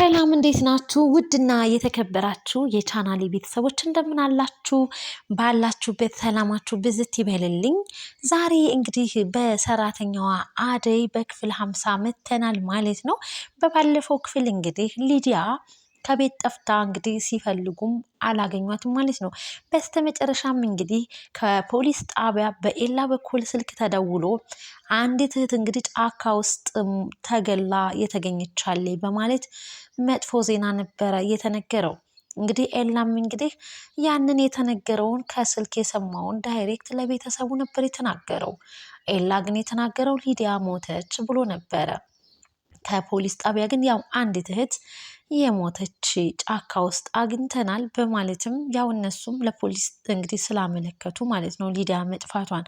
ሰላም እንዴት ናችሁ? ውድና የተከበራችሁ የቻናል ቤተሰቦች እንደምን አላችሁ? ባላችሁበት ሰላማችሁ ብዝት ይበልልኝ። ዛሬ እንግዲህ በሰራተኛዋ አደይ በክፍል ሀምሳ መተናል ማለት ነው። በባለፈው ክፍል እንግዲህ ሊዲያ ከቤት ጠፍታ እንግዲህ ሲፈልጉም አላገኟትም ማለት ነው። በስተመጨረሻም እንግዲህ ከፖሊስ ጣቢያ በኤላ በኩል ስልክ ተደውሎ አንዲት እህት እንግዲህ ጫካ ውስጥ ተገላ የተገኘቻለ በማለት መጥፎ ዜና ነበረ የተነገረው። እንግዲህ ኤላም እንግዲህ ያንን የተነገረውን ከስልክ የሰማውን ዳይሬክት ለቤተሰቡ ነበር የተናገረው። ኤላ ግን የተናገረው ሊዲያ ሞተች ብሎ ነበረ። ከፖሊስ ጣቢያ ግን ያው አንዲት እህት የሞተች ጫካ ውስጥ አግኝተናል በማለትም ያው እነሱም ለፖሊስ እንግዲህ ስላመለከቱ ማለት ነው ሊዲያ መጥፋቷን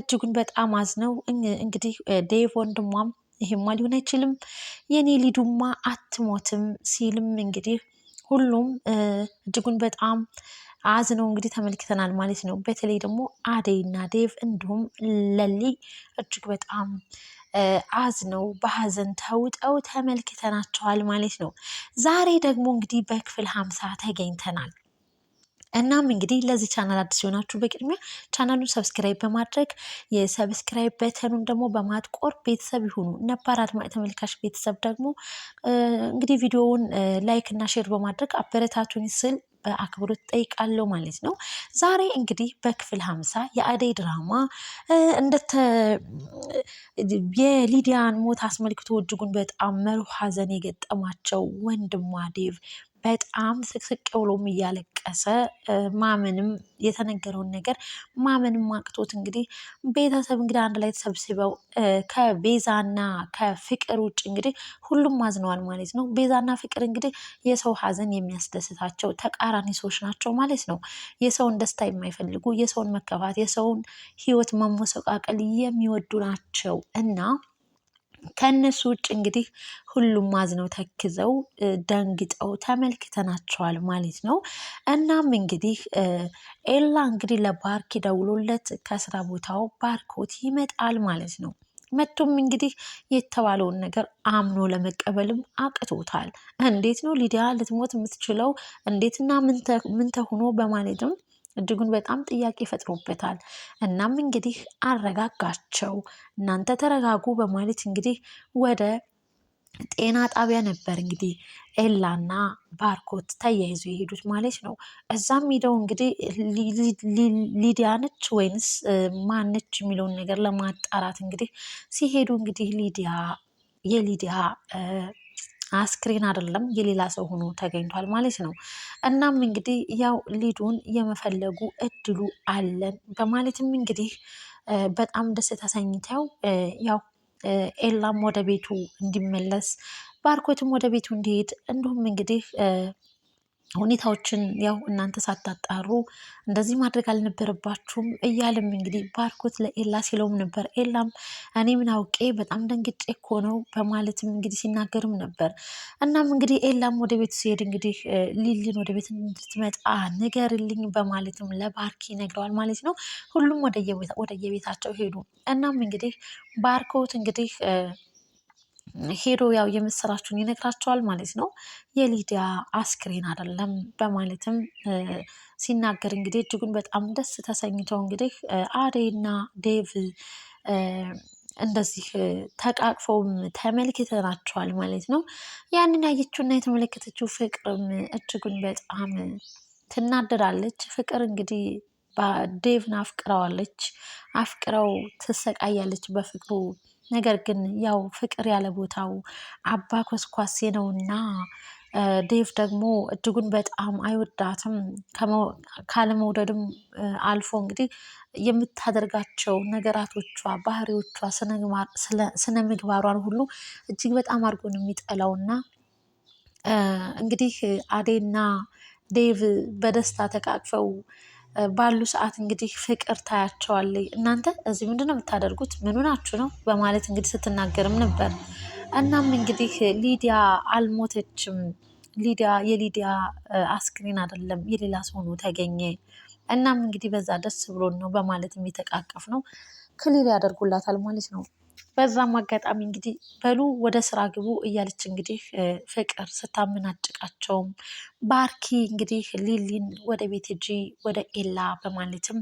እጅጉን በጣም አዝነው እንግዲህ ዴቭ ወንድሟም ይሄማ ሊሆን አይችልም የኔ ሊዱማ አትሞትም ሲልም እንግዲህ ሁሉም እጅጉን በጣም አዝነው እንግዲህ ተመልክተናል ማለት ነው። በተለይ ደግሞ አደይ እና ዴቭ እንዲሁም ለሊ እጅግ በጣም አዝነው በሀዘን ተውጠው ተመልክተናቸዋል ማለት ነው። ዛሬ ደግሞ እንግዲህ በክፍል ሀምሳ ተገኝተናል። እናም እንግዲህ ለዚህ ቻናል አዲስ የሆናችሁ በቅድሚያ ቻናሉን ሰብስክራይብ በማድረግ የሰብስክራይብ በተኑን ደግሞ በማጥቆር ቤተሰብ ይሁኑ። ነባር አድማጭ ተመልካች ቤተሰብ ደግሞ እንግዲህ ቪዲዮውን ላይክ እና ሼር በማድረግ አበረታቱን ስል በአክብሮት ጠይቃለሁ ማለት ነው። ዛሬ እንግዲህ በክፍል ሀምሳ የአደይ ድራማ እንደተ የሊዲያን ሞት አስመልክቶ እጅጉን በጣም መሪው ሀዘን የገጠማቸው ወንድሟ ዴቭ በጣም ስቅስቅ ብሎም እያለቀሰ ማመንም የተነገረውን ነገር ማመንም አቅቶት እንግዲህ ቤተሰብ እንግዲህ አንድ ላይ ተሰብስበው ከቤዛና ከፍቅር ውጭ እንግዲህ ሁሉም አዝነዋል ማለት ነው። ቤዛና ፍቅር እንግዲህ የሰው ሀዘን የሚያስደስታቸው ተቃራኒ ሰዎች ናቸው ማለት ነው። የሰውን ደስታ የማይፈልጉ፣ የሰውን መከፋት፣ የሰውን ህይወት መመሰቃቀል የሚወዱ ናቸው እና ከእነሱ ውጭ እንግዲህ ሁሉም አዝነው ተክዘው ደንግጠው ተመልክተናቸዋል ማለት ነው። እናም እንግዲህ ኤላ እንግዲህ ለባርክ ደውሎለት ከስራ ቦታው ባርኮት ይመጣል ማለት ነው። መቶም እንግዲህ የተባለውን ነገር አምኖ ለመቀበልም አቅቶታል። እንዴት ነው ሊዲያ ልትሞት የምትችለው? እንዴትና ምን ተሆኖ በማለትም እጅጉን በጣም ጥያቄ ፈጥሮበታል። እናም እንግዲህ አረጋጋቸው። እናንተ ተረጋጉ በማለት እንግዲህ ወደ ጤና ጣቢያ ነበር እንግዲህ ኤላና ባርኮት ተያይዞ የሄዱት ማለት ነው። እዛም ሄደው እንግዲህ ሊዲያ ነች ወይንስ ማነች የሚለውን ነገር ለማጣራት እንግዲህ ሲሄዱ እንግዲህ ሊዲያ የሊዲያ አስክሬን አይደለም የሌላ ሰው ሆኖ ተገኝቷል ማለት ነው። እናም እንግዲህ ያው ሊዱን የመፈለጉ እድሉ አለን በማለትም እንግዲህ በጣም ደስ ተሰኝተው ያው ኤላም ወደ ቤቱ እንዲመለስ ባርኮትም ወደ ቤቱ እንዲሄድ እንዲሁም እንግዲህ ሁኔታዎችን ያው እናንተ ሳታጣሩ እንደዚህ ማድረግ አልነበረባችሁም እያልም እንግዲህ ባርኮት ለኤላ ሲለውም ነበር። ኤላም እኔ ምን አውቄ በጣም ደንግጬ እኮ ነው በማለትም እንግዲህ ሲናገርም ነበር። እናም እንግዲህ ኤላም ወደ ቤት ሲሄድ እንግዲህ ሊሊን ወደ ቤት እንድትመጣ ንገርልኝ በማለትም ለባርኪ ይነግረዋል ማለት ነው። ሁሉም ወደየቤታቸው ሄዱ። እናም እንግዲህ ባርኮት እንግዲህ ሄዶ ያው የምስራችሁን ይነግራቸዋል ማለት ነው። የሊዲያ አስክሬን አይደለም በማለትም ሲናገር እንግዲህ እጅጉን በጣም ደስ ተሰኝተው እንግዲህ አደይና ዴቭ እንደዚህ ተቃቅፈውም ተመልክተናቸዋል ማለት ነው። ያንን ያየችውና የተመለከተችው ፍቅርም እጅጉን በጣም ትናደዳለች። ፍቅር እንግዲህ ዴቭን አፍቅረዋለች። አፍቅረው ትሰቃያለች በፍቅሩ ነገር ግን ያው ፍቅር ያለ ቦታው አባ ኮስኳሴ እና ዴቭ ደግሞ እጅጉን በጣም አይወዳትም። ካለመውደድም አልፎ እንግዲህ የምታደርጋቸው ነገራቶቿ፣ ባህሪዎቿ፣ ስነ ምግባሯን ሁሉ እጅግ በጣም አድርጎ ነው የሚጠላው እና እንግዲህ አዴና ዴቭ በደስታ ተቃቅፈው ባሉ ሰዓት እንግዲህ ፍቅር ታያቸዋለይ። እናንተ እዚህ ምንድን ነው የምታደርጉት? ምኑ ናችሁ ነው በማለት እንግዲህ ስትናገርም ነበር። እናም እንግዲህ ሊዲያ አልሞተችም፣ ሊዲያ የሊዲያ አስክሬን አይደለም የሌላ ሰው ነው ተገኘ። እናም እንግዲህ በዛ ደስ ብሎን ነው በማለት የሚተቃቀፍ ነው ክሊል ያደርጉላታል ማለት ነው። በዛም አጋጣሚ እንግዲህ በሉ ወደ ስራ ግቡ እያለች እንግዲህ ፍቅር ስታመናጭቃቸውም ባርኪ እንግዲህ ሊሊን ወደ ቤት ሂጂ ወደ ኤላ በማለትም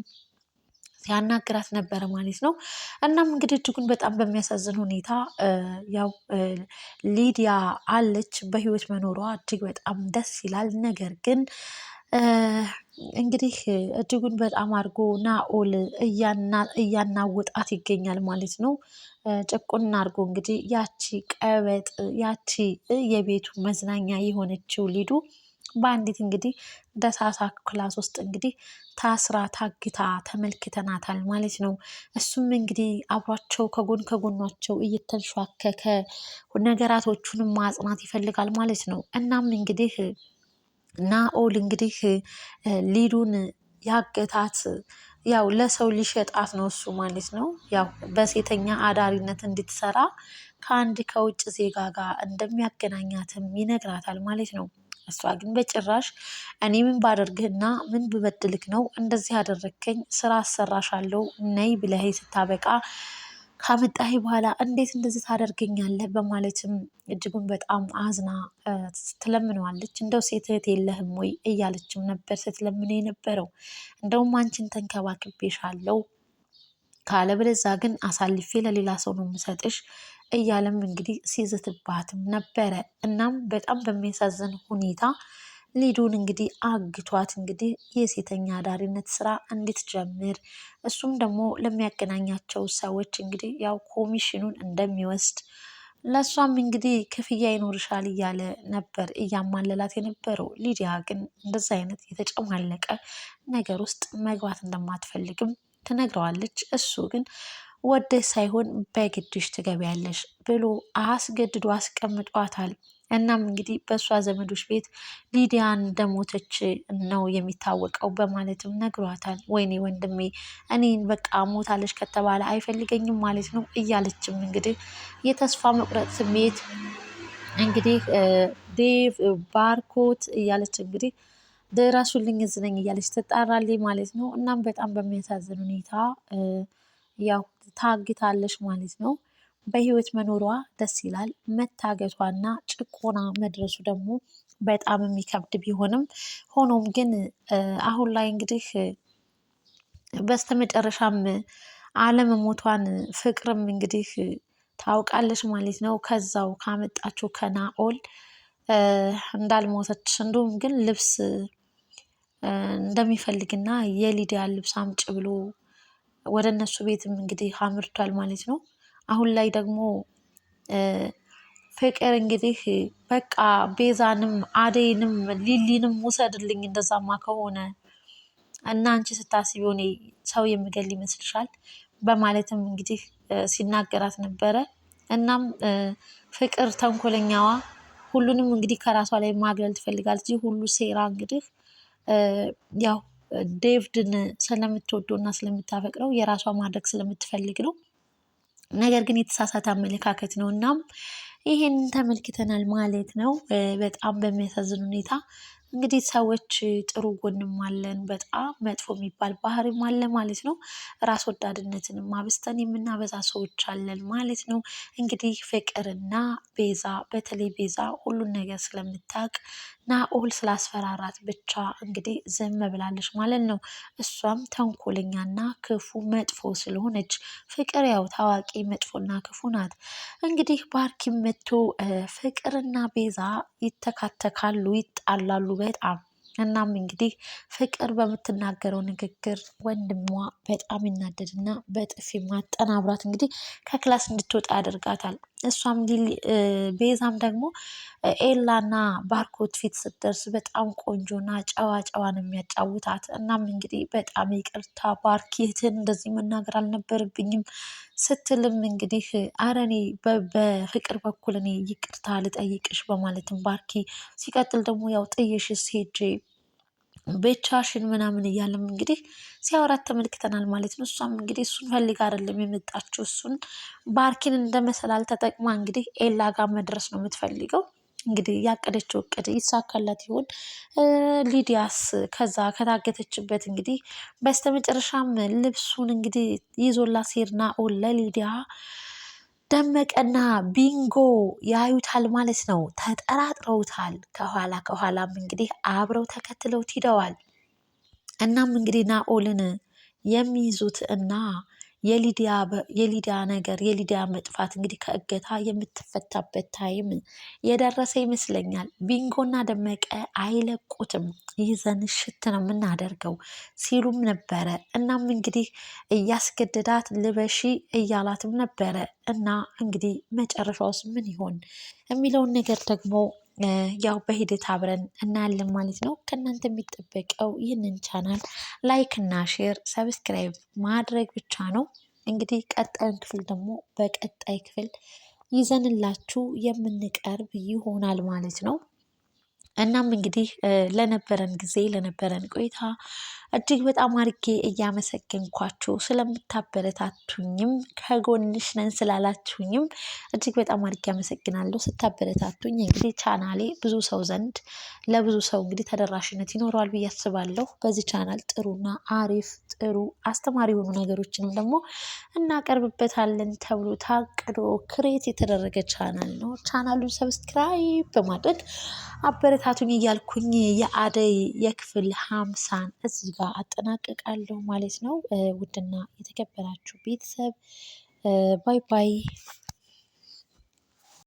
ያናግራት ነበረ ማለት ነው። እናም እንግዲህ እጅጉን በጣም በሚያሳዝን ሁኔታ ያው ሊዲያ አለች በህይወት መኖሯ እጅግ በጣም ደስ ይላል። ነገር ግን እንግዲህ እጅጉን በጣም አድርጎ ናኦል እያናወጣት ይገኛል ማለት ነው። ጭቁን አድርጎ እንግዲህ ያቺ ቀበጥ ያቺ የቤቱ መዝናኛ የሆነችው ሊዱ በአንዲት እንግዲህ ደሳሳ ክላስ ውስጥ እንግዲህ ታስራ ታግታ ተመልክተናታል ማለት ነው። እሱም እንግዲህ አብሯቸው ከጎን ከጎኗቸው እየተንሸዋከከ ነገራቶቹንም ማጽናት ይፈልጋል ማለት ነው። እናም እንግዲህ ናኦል እንግዲህ ሊዱን ያገታት ያው ለሰው ሊሸጣት ነው እሱ ማለት ነው። ያው በሴተኛ አዳሪነት እንድትሰራ ከአንድ ከውጭ ዜጋ ጋር እንደሚያገናኛትም ይነግራታል ማለት ነው። እሷ ግን በጭራሽ እኔ ምን ባደርግህና ምን ብበድልክ ነው እንደዚህ ያደረግከኝ? ስራ አሰራሻለሁ ነይ ብለህ ስታበቃ ካመጣህ በኋላ እንዴት እንደዚህ ታደርገኛለህ? በማለትም እጅጉን በጣም አዝና ትለምነዋለች። እንደው ሴት እህት የለህም ወይ እያለችም ነበር ስትለምነ የነበረው። እንደውም አንቺን ተንከባክቤሻለሁ ካለበለዚያ ግን አሳልፌ ለሌላ ሰው ነው የምሰጥሽ እያለም እንግዲህ ሲዝትባትም ነበረ። እናም በጣም በሚያሳዝን ሁኔታ ሊዱን እንግዲህ አግቷት እንግዲህ የሴተኛ አዳሪነት ስራ እንድትጀምር እሱም ደግሞ ለሚያገናኛቸው ሰዎች እንግዲህ ያው ኮሚሽኑን እንደሚወስድ ለእሷም እንግዲህ ክፍያ ይኖርሻል እያለ ነበር እያማለላት የነበረው። ሊዲያ ግን እንደዚ አይነት የተጨማለቀ ነገር ውስጥ መግባት እንደማትፈልግም ትነግረዋለች። እሱ ግን ወደ ሳይሆን በግድሽ ትገቢያለሽ ብሎ አስገድዶ አስቀምጧታል። እናም እንግዲህ በእሷ ዘመዶች ቤት ሊዲያ እንደሞተች ነው የሚታወቀው በማለትም ነግሯታል። ወይኔ ወንድሜ እኔን በቃ ሞታለች ከተባለ አይፈልገኝም ማለት ነው እያለችም እንግዲህ የተስፋ መቁረጥ ስሜት እንግዲህ ዴቭ ባርኮት እያለች እንግዲህ ድረሱልኝ እዚህ እያለች ትጣራልኝ ማለት ነው። እናም በጣም በሚያሳዝን ሁኔታ ያው ታግታለች ማለት ነው። በህይወት መኖሯ ደስ ይላል። መታገቷና ጭቆና መድረሱ ደግሞ በጣም የሚከብድ ቢሆንም ሆኖም ግን አሁን ላይ እንግዲህ በስተመጨረሻም አለመሞቷን ፍቅርም እንግዲህ ታውቃለች ማለት ነው። ከዛው ካመጣችው ከናኦል እንዳልሞተች እንዲሁም ግን ልብስ እንደሚፈልግና የሊዲያ ልብስ አምጭ ብሎ ወደ እነሱ ቤትም እንግዲህ አምርቷል ማለት ነው። አሁን ላይ ደግሞ ፍቅር እንግዲህ በቃ ቤዛንም አደይንም ሊሊንም ውሰድልኝ እንደዛማ ከሆነ እና አንቺ ስታስቢው እኔ ሰው የምገል ይመስልሻል? በማለትም እንግዲህ ሲናገራት ነበረ። እናም ፍቅር ተንኮለኛዋ ሁሉንም እንግዲህ ከራሷ ላይ ማግለል ትፈልጋለች። ይህ ሁሉ ሴራ እንግዲህ ያው ዴቪድን ስለምትወደው እና ስለምታፈቅረው የራሷ ማድረግ ስለምትፈልግ ነው። ነገር ግን የተሳሳተ አመለካከት ነው። እናም ይህን ተመልክተናል ማለት ነው። በጣም በሚያሳዝን ሁኔታ እንግዲህ ሰዎች ጥሩ ጎንም አለን፣ በጣም መጥፎ የሚባል ባህሪም አለ ማለት ነው። ራስ ወዳድነትን አብስተን የምናበዛ ሰዎች አለን ማለት ነው። እንግዲህ ፍቅርና ቤዛ፣ በተለይ ቤዛ ሁሉን ነገር ስለምታውቅ ናኦል ስላስፈራራት ብቻ እንግዲህ ዝም ብላለች ማለት ነው። እሷም ተንኮለኛና ክፉ መጥፎ ስለሆነች ፍቅር ያው ታዋቂ መጥፎና ክፉ ናት። እንግዲህ ባርኪ መቶ ፍቅርና ቤዛ ይተካተካሉ፣ ይጣላሉ በጣም እናም እንግዲህ ፍቅር በምትናገረው ንግግር ወንድሟ በጣም ይናደድና በጥፊ ማጠናብራት እንግዲህ ከክላስ እንድትወጣ ያደርጋታል። እሷም ቤዛም ደግሞ ኤላና ባርኮት ፊት ስትደርስ በጣም ቆንጆና ጨዋ ጨዋ ነው የሚያጫውታት እናም እንግዲህ በጣም ይቅርታ ባርክ፣ ባርኬትን እንደዚህ መናገር አልነበረብኝም ስትልም እንግዲህ አረ እኔ በፍቅር በኩል እኔ ይቅርታ ልጠይቅሽ በማለትም ባርኪ ሲቀጥል ደግሞ ያው ጥየሽ ሄጄ ብቻሽን ምናምን እያለም እንግዲህ ሲያወራት ተመልክተናል ማለት ነው። እሷም እንግዲህ እሱን ፈልግ አይደለም የመጣችው እሱን ባርኪን እንደ መሰላል ተጠቅማ እንግዲህ ኤላ ጋር መድረስ ነው የምትፈልገው። እንግዲህ ያቀደችው እቅድ ይሳካላት ይሆን? ሊዲያስ ከዛ ከታገተችበት እንግዲህ በስተመጨረሻም ልብሱን እንግዲህ ይዞላት ሲርና ኦለ ሊዲያ ደመቀና ቢንጎ ያዩታል ማለት ነው። ተጠራጥረውታል። ከኋላ ከኋላም እንግዲህ አብረው ተከትለውት ሂደዋል። እናም እንግዲህ ናኦልን የሚይዙት እና የሊዲያ ነገር የሊዲያ መጥፋት እንግዲህ ከእገታ የምትፈታበት ታይም የደረሰ ይመስለኛል። ቢንጎና ደመቀ አይለቁትም፣ ይዘን ሽት ነው የምናደርገው ሲሉም ነበረ። እናም እንግዲህ እያስገደዳት ልበሺ እያላትም ነበረ እና እንግዲህ መጨረሻውስ ምን ይሆን የሚለውን ነገር ደግሞ ያው በሂደት አብረን እናያለን ማለት ነው። ከእናንተ የሚጠበቀው ይህንን ቻናል ላይክ እና ሼር ሰብስክራይብ ማድረግ ብቻ ነው። እንግዲህ ቀጣዩን ክፍል ደግሞ በቀጣይ ክፍል ይዘንላችሁ የምንቀርብ ይሆናል ማለት ነው። እናም እንግዲህ ለነበረን ጊዜ ለነበረን ቆይታ እጅግ በጣም አድርጌ እያመሰገንኳችሁ ስለምታበረታቱኝም ከጎንሽ ነን ስላላችሁኝም እጅግ በጣም አድርጌ አመሰግናለሁ። ስታበረታቱኝ እንግዲህ ቻናሌ ብዙ ሰው ዘንድ ለብዙ ሰው እንግዲህ ተደራሽነት ይኖረዋል ብዬ አስባለሁ። በዚህ ቻናል ጥሩና አሪፍ ጥሩ አስተማሪ የሆኑ ነገሮችንም ደግሞ እናቀርብበታለን ተብሎ ታቅዶ ክሬት የተደረገ ቻናል ነው። ቻናሉን ሰብስክራይብ በማድረግ አበረታቱኝ እያልኩኝ የአደይ የክፍል ሀምሳን እዚህ ጋር አጠናቅቃለሁ ማለት ነው። ውድና የተከበራችሁ ቤተሰብ ባይ ባይ።